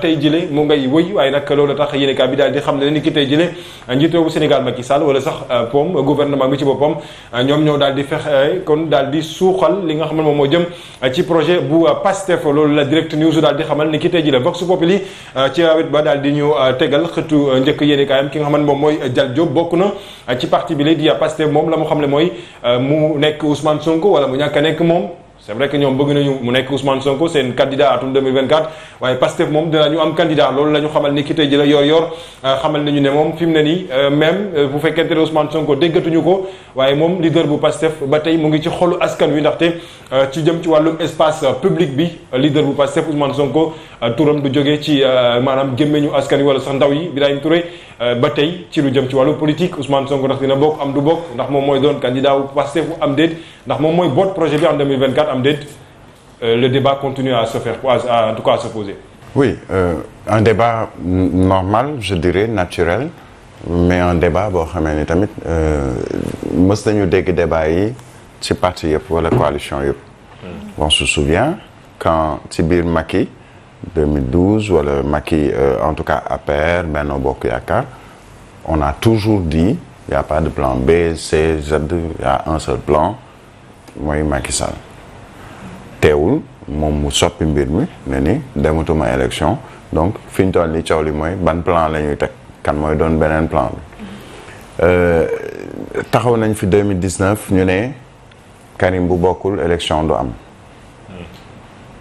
tey jële mu ngay wëy waaye nag loolu tax yéenekaay bi daal di xam ne ni ki tey jële njiit réewu Sénégal Macky Sall wala sax euh, pom gouvernement bi ci boppam euh, ñoom ñoo daal di fexe euh, kon daal di suuxal li nga xam ne moom moo jëm ci projet bu Pastef loolu la direct news daal di xamal ni ki tey jële Vox Populi ci wet ba daal di ñu tegal xëtu njëkk yéenekaayam ki nga xam ne moom mooy Dial Diop bokk na ci parti bi lay di Pastef moom la mu xam ne mooy mu nekk Ousmane Sonko wala mu ñàkk a moom c'est vrai que ñoom bëgg nañu mu nekk Ousmane Sonko seen candidat atum 2024 waaye Pastef moom dinañu am candidat loolu la ñu xamal ni ki tey ji la euh, xamal nañu ne moom fi mu ne nii euh, même euh, bu fekkente ne Ousmane Sonko déggatuñu ko waaye moom leader bu Pastef ba tey mu ngi ci xolu askan wi ndaxte ci jëm ci wàllum espace public bi leader bu Pastef Ousmane Sonko turam du jóge ci maanaam ñu askan wi wala sax ndaw yi Birahim Touré ba tey ci lu jëm ci wàllu politique Ousmane Sonko ndax dina bokk am du bokk ndax moom mooy doon candidat bu Pastef am déet ndax moom mooy boot projet bi en 2024 am déet euh, le débat continue à se faire à, en tout cas à se poser. oui euh, débat normal je dirais naturel mais un débat boo xamee ni tamit euh, mës nañu dégg débat yi ci parti yëpp wala coalition yëpp. Hmm. on se souvient quand ci biir Macky 2012 wala Macky euh, en tout cas APR Benno Bokk Yaakaar on a toujours dit il a pas de plan B C Z a un seul plan. mooy Macky Sall teewul moom mu soppi mbir mi ne ni dematuma élection donc fi ñu toll nii coow li mooy ban plan lañuy teg kan mooy doon beneen plan bi euh, taxaw nañ fi 2019 ñu ne Karim bu bokkul élection du am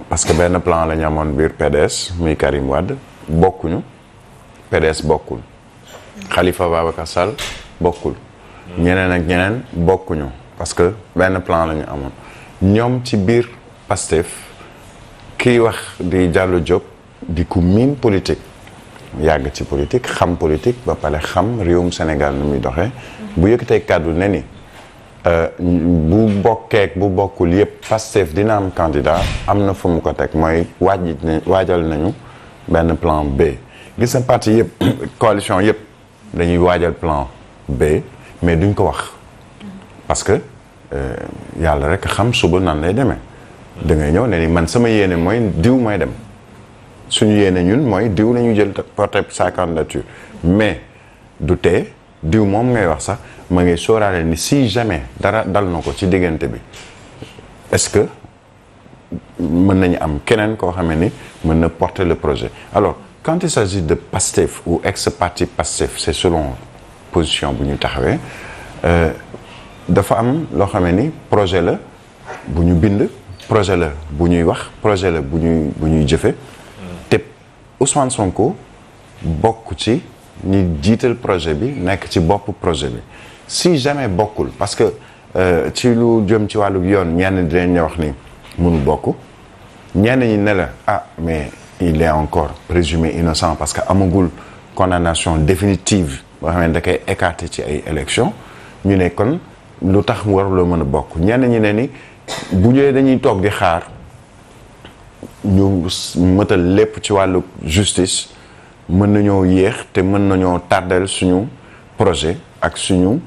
parce que benn plan la ñu amoon biir PDS muy Karim Wade bokkuñu PDS bokkul Khalifa Babacar Sall bokkul ñeneen ak ñeneen bokkuñu parce que benn plan la ñu amoon ñoom ci biir Pastef kiy wax di jàll Diop di ku miin politique yàgg ci politique xam politique ba pare xam réewum Sénégal nu muy doxe bu yëkkatee kàddu ne ni euh, bu bokkeek bu bokkul yëpp Pastef dina am candidat am na fu mu ko teg mooy waaj waajal nañu benn plan B gis na parti yëpp coalition yëpp dañuy waajal plan B mais duñ ko wax parce que Euh, yàlla rek xam suba nan lay demee. da ngay ñëw ne ni man sama yéene mooy diw mooy dem suñu yéene ñun mooy diw la ñu jël porter sa candidature mais du tee diw moom ngay wax sax ma ngay sóoraale ni si jamais dara dal na ko ci diggante bi est-ce que mën nañu am keneen koo xamee ni mën na porter le projet alors quand il de PASTEF ou ex-parti PASTEF c'est selon position bu ñu taxawee. Euh, dafa am loo xamee ni projet la bu ñu bind projet la bu ñuy wax projet la bu ñuy bu ñuy jëfe te Ousmane bokk ci ñi jiital projet bi nekk ci bopp projet bi si jamais bokkul parce que euh, ci lu jëm ci wàllu yoon ñenn dinañ la wax ni mënu bokk ñenn ñi nela ah mais il est encore présumé innocent parce que amagul condamnation définitive boo xam ne écarté ci ay élections ñu ne kon lu tax waruloo mën a bokk ñenn ñi ne ni bu ñëwee dañuy toog di xaar ñu mëtal lépp ci wàllu justice mën nañoo yéex te mën nañoo tardel suñu projet ak suñu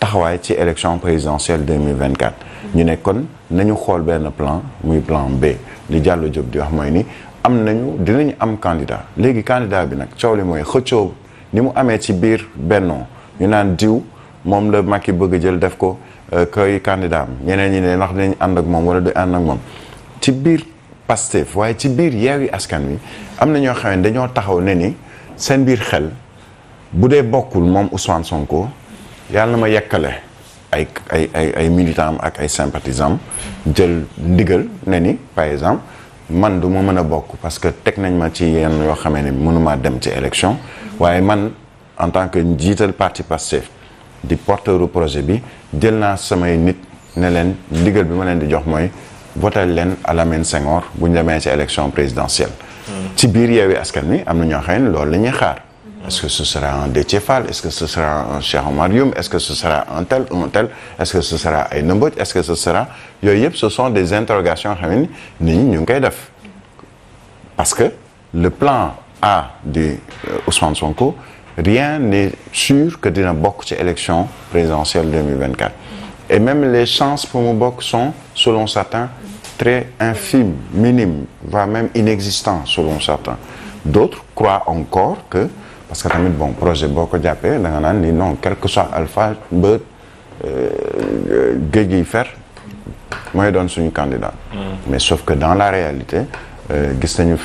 taxawaay ci élection présidentielle 2024 ñu nekkoon nañu xool benn plan muy plan B li Diallo Diop di wax mooy ni am nañu dinañu am candidat léegi candidat bi nag coow li mooy xëccoo ni mu amee ci biir bennoo ñu naan diw moom la Macky bëgg jël def ko euh, koy candidat ñeneen ñi ne ndax dinañ ànd ak moom wala du ànd ak moom ci biir Pastef waaye ci biir yi Askan Wi am na ñoo xam ne dañoo taxaw ne ni seen biir xel bu dee bokkul moom Ousmane Sonko yàlla na ma yekkale ay ay ay ay militant ak ay sympathisant jël ndigal ne ni par exemple man du ma mën a bokk parce que teg nañ ma ci yenn yoo xamee ne mënumaa dem ci élection waaye man en tant que jiital parti Pastef di porteuru projet bi jël naa samay nit ne leen ndigal bi ma leen di jox mooy votal leen Alamine Senghor bu ñu demee si élection présidentielle. Hmm. ci biir Yewwi Askan Wi am na ñoo xam ne loolu la ñuy xaar. Hmm. est-ce que ce sera un Déthié Fall est-ce que ce sera un Cheikh Oumar Youm est-ce que ce sera un tel un tel est-ce que ce sera Aïda Mbodj est yooyu yëpp ce sont des interrogations xam ne nit ñu ngi koy def parce que le plan A du euh, Ousmane Sonko. rien n'est sûr que dina bokk ci élection présidentielle 2024 et même les chances pour mu bokk sont selon certains très infimes minimes voire même inexistants selon certains d'autres croient encore que parce que tamit bon projet boo ko jàppee da nga naan ni non quel que soit alpha ba géej gi fer mooy doon suñu candidat mm. mais sauf que dans la réalité euh, gis nañu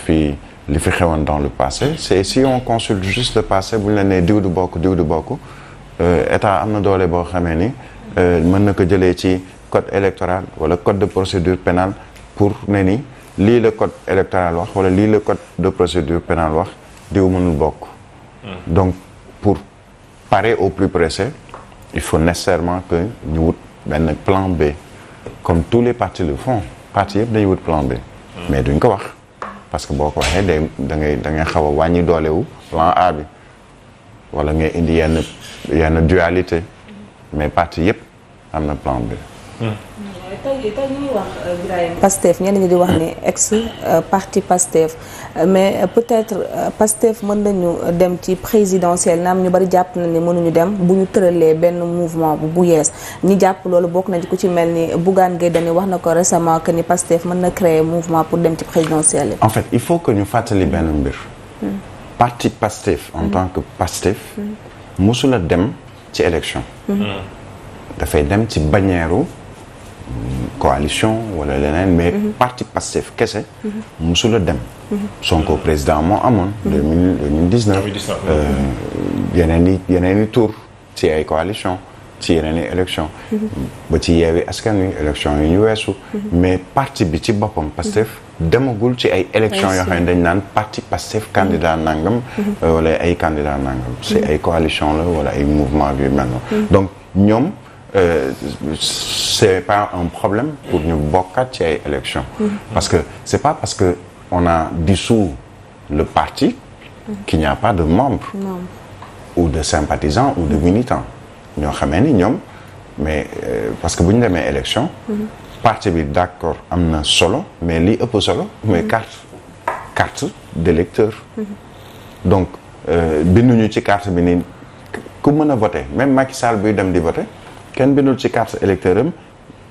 li fi xewoon dans le passé c'est si on consulte juste le passé bu ñu la nee diw du bokk diw du bokk euh, état am na doole boo xamee ni euh, mën na ko jëlee ci code électoral wala code de procédure pénal pour ne nii lii la code électoral wax wala lii la code de procédure pénal wax diw mënul bokk hmm. donc pour parer au plus pressé il faut nécessairement que ñu wut benn plan B comme tous les partis le font parti yëpp dañuy wut plan B hmm. mais duñ ko wax parce que boo ko waxee da ngay da ngay xaw a wàññi doolewu plan A bi wala ngay indi yenn yenn dualité mm-hmm. mais parti yëpp am na plan bi hmm. tey tey ñuy wax euh, ñi di wax ne ex euh, parti Pastef mais euh, peut-être Pastef mën nañu dem ci présidentielle naam ñu bari jàpp na ni mënuñu dem bu ñu tëralee benn mouvement bu yees ñi jàpp loolu bokk nañ ku ci mel ni Bougane Gueye Dany wax na ko récemment que ni Pastef mën na créer mouvement pour dem ci présidentielle en fait il faut que ñu fàttali benn mbir. Hmm. parti Pastef en hmm. tant que Pastef. mësula hmm. dem ci élection. dafay dem ci bannière coalition wala leneen mais mhm. parti Pastef kese mhm. musula dem mhm. Sonko président moo amoon deux mille yeneen euh, yeneen i ci ay coalition ci yeneen i élection ba ci yeewi askan wi élection yi ñu weesu mais parti bi ci boppam Pastef demagul ci ay élection yoo xam ne dañ naan parti Pastef candidat nangam euh, wala ay candidat nangam c'est ay coalition la wala ay mouvement bi mel donc ñoom Euh, c'est pas un problème pour ñu bokkaat ci ay parce que c'est pas parce que on a dissous le parti qu'il n'y a pas de membres non. ou de sympathisants ou de militants ñoo xamee ni ñoom mais euh, parce que bu ñu demee élection mm-hmm. parti bi d'accord am na solo mais li ëpp solo mais mm-hmm. carte carte d'électeur mm-hmm. donc euh, binduñu ci carte bi ni ku mën a voter même Macky Sall buy dem di voter kenn bindul ci carte électeur am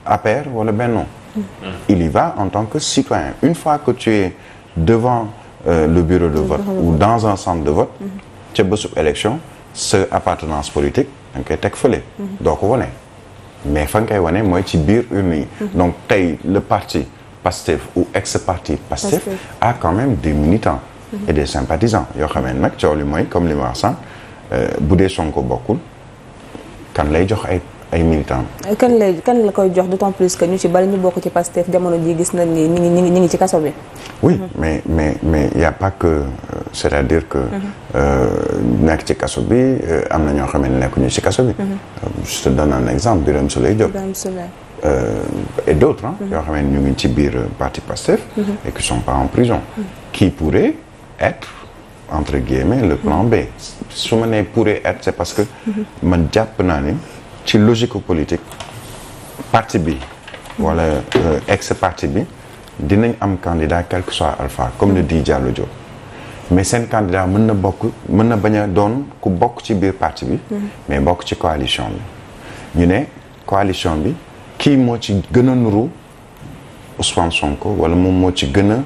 appaire wala Benno mm. il y va en tant que citoyen une fois que tu es devant euh, le bureau de vote mm-hmm. ou dans un centre de vote mm-hmm. ca bésu élection sa appartenance politique da nga koy teg fële mm-hmm. doo ko wane mais fa nga koy wane mooy ci biir urne yi donc tey le parti Pastef ou ex-parti Pastef a quand même des militants et des sympathisants yoo xam nag coow li mooy comme li ma wax sànq euh, bu dee Sonko bokkul kan lay jox ay ay militants. Euh, kan lay kan la koy jox d'autant plus que ñu ci bari ñu bokk ci Pastef jamono ji gis nañ ni ñu ngi ci kaso bi. oui mm-hmm. mais mais a pas que euh, c'est-à-dire que. Mm-hmm. Euh, nekk ci kaso bi am na ñoo xam ne nekkuñu ci kaso bi. Mm-hmm. je te un exemple Birame Souleye Diop. Birame Souleye. et d'autres ah. yoo xam ne ñu ngi ci biir parti Pastef. et qui sont pas en prison. qui pourrait être. entre guillemets le plan B su ma ne pourrait être c'est parce que ma jàpp naa ni ci logique politique parti bi wala euh, ex parti bi dinañ am candidat quel que alpha comme le dit Diallo Diop mais seen candidat mën na bokk mën na bañ a doon ku bokk ci biir parti bi mais bokk ci coalition bi ñu ne coalition bi kii moo ci gën a nuru Ousmane Sonko wala moom moo ci gën a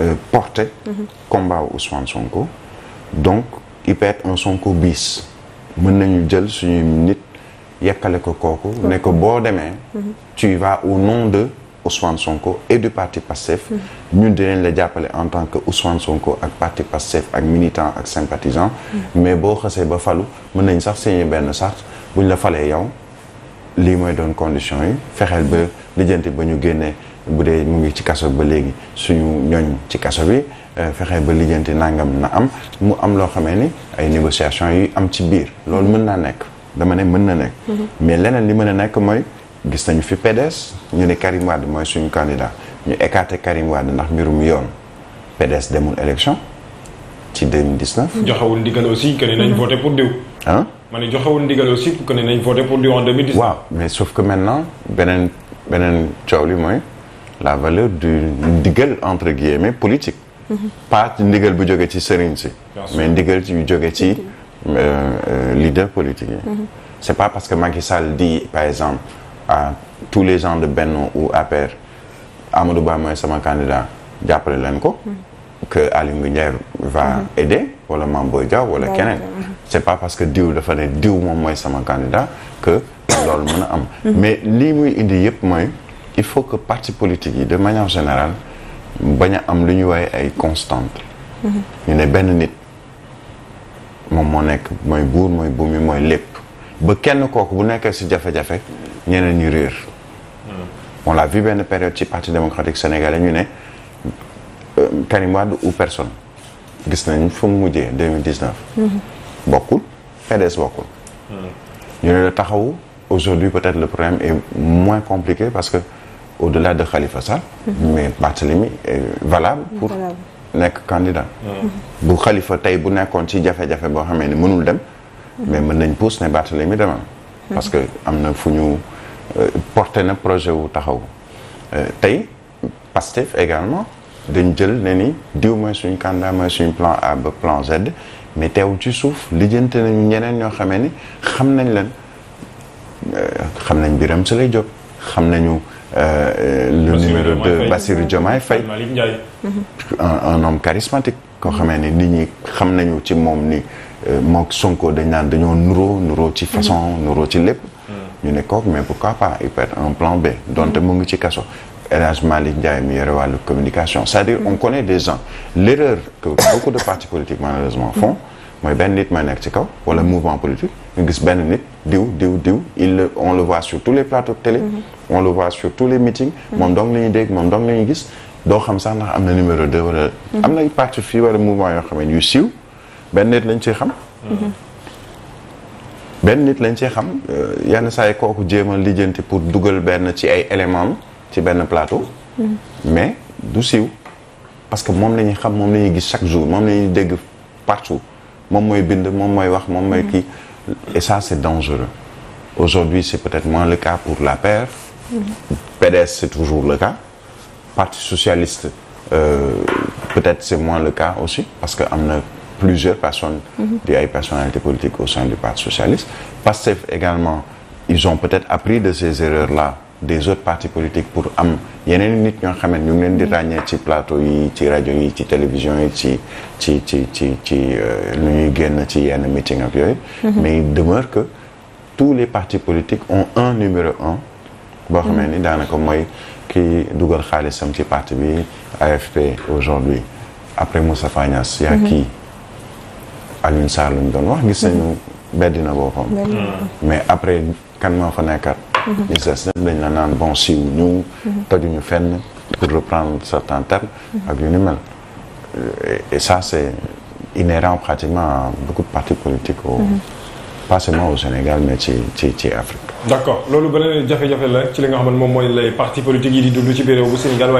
euh, porter combat Ousmane Sonko donc il peut Sonko bis mën nañu jël suñuy nit yekkale ko kooku ne ko boo demee tu vas au nom de Ousmane Sonko et du parti Pastef ñun dinañ la jàppale en tant que Ousmane Sonko ak parti Pastef ak militant ak sympathisant mais boo xasee ba falu mën nañ sax signé benn charte buñ la falee yow lii mooy doon condition yi fexeel ba lijjanti ba ñu génnee bu dee mu ngi ci kaso ba léegi suñu ñooñ ci kaso bi euh, fexe ba lijjanti nangam na am mu am loo xamee ni ay négociation yu am ci biir loolu mën naa nekk dama ne mën na nekk. Mhm. mais leneen li mën a nekk mooy gis nañu fi PDS ñu ne Karim Wade mooy suñu candidat ñu écarté Karim Wade ndax mbirum yoon PDS demul élection ci 2019. Mhm. Mhm. joxewul ndigal aussi que ne nañ voté pour diw. joxewul ndigal aussi que nañ voté pour diw en 2019. waaw mais sauf que maintenant beneen beneen coow li mooy la valeur du ndigal entre guillemets politique. pas ndigal bu jógee ci sëriñ si. mais ndigal yu joge ci. Euh, euh, leader politique yi. Mhm. c'est pas parce que Macky Sall dit par exemple a tous les gens de benn ou APR Amadou bay mooy sama candidat jàppale leen ko. Mhm. que Aliou Ngouille va mhm. aider wala Mame Boye Diao keneen. c'est pas parce que diw dafa diw moom mooy sama candidat que loolu mën a am. mais lii muy indi yëpp mooy il faut que parti politique yi de manière général bañ a am lu ñuy woowee ay constant ñu ne benn nit. moom moo nekk mooy buur mooy buum yi mooy lépp ba kenn kooku bu nekkee si jafe-jafe ñeneen ñu réer hmm. on l'a vu benn période ci parti démocratique sénégalais ñu ne euh, Karim Wade ou personne gis nañ fu mu mujjee 2019 hmm. bokkul PDS bokkul hmm. ñu ne la taxaw aujourd'hui peut-être le problème est moins compliqué parce que au-delà de Khalifa Sall mais Barthélemy valable pour nekk candidat. bu xalifa tey bu nekkoon ci jafe-jafe boo xamee ni mënul dem. mais mën nañ puus ne Barthélemy demal. parce que am na fu ñu euh, porté na projet wu taxaw euh, tey Pastef également dañ jël ne ni diw mooy suñu candidat mooy suñu plan A ba plan Z mais teewul ci suuf lijjante nañu ñeneen ñoo xamee ni xam nañ leen euh, xam nañ Birame Souleye jot xam nañu. Euh, euh, le numéro 2 Bassirou Diomaye Faye un un homme charismatique koo xamee ni nit ñi xam nañu ci moom ni euh, moo Sonko dañ naan dañoo nuroo nuroo ci façon nuroo ci lépp mm. ñu ne kook mais pourquoi pas il peut être un plan B donte mm. mu ngi ci kaso El Hadj Malick Ndiaye mi yore wàllu communication c'est-à-dire on mm. connaît des gens l'erreur que beaucoup de partis politiques malheureusement font mooy benn nit mooy nekk ci kaw wala mouvement politique nga gis benn nit diw diw diw il on le voit sur tous les plateaux de télé. Mhm. on le voit sur tous les meetings. Mhm. moom doo la ñuy dégg moom doo la ñuy gis doo xam sax ndax am na numéro 2 wala. Mhm. am na parti fii wala mouvement yoo xam ne yu siiw benn nit lañ ciy xam. benn nit lañ ciy xam euh, yenn saa yi kooku jéem a lijjanti pour dugal benn ci ay éléments ci benn plateau. mais du siiw parce que moom la ñuy xam moom la ñuy gis chaque jour moom la dégg partout. moom mooy bind moom mooy wax moom mooy kii et ça c'est dangereux aujourd'hui c'est peut-être moins le cas pour la paire PDS c'est toujours le cas parti socialiste euh, peut-être c'est moins le cas aussi parce que am na plusieurs personnes di ay personnalités politiques au sein du parti socialiste Pastef également ils ont peut-être appris de ces erreurs-là des autres partis politiques pour am yeneen nit ñoo xam ne ñu ngi leen di ràññee ci plateau yi ci rajo yi ci télévision yi ci ci ci ci ci euh, lu ñuy génn ci yenn meeting ak yooyu. Mhm. mais il que tous les partis politiques ont un numéro un. boo xamee mhm. ni daanaka mooy ki dugal xaalisam ci parti bi AFP aujourd'hui après Moustapha Niasse. yaa kii mhm. Alioune Sarr lañ doon wax gis nañu beddi na boppam. mais après kan moo fa nekkaat. ñi ses nag dañ la naan bon siiw ñu tajuñu fenn pour reprendre certains termes ak yu ni mel et ça c'est inhérent pratiquement à beaucoup de partis politiques au pas seulement au Sénégal mais ci ci ci Afrique d'accord loolu beneen jafe-jafe la ci li nga xamante moom mooy les partis politiques yi di dund ci biir réew bu Sénégal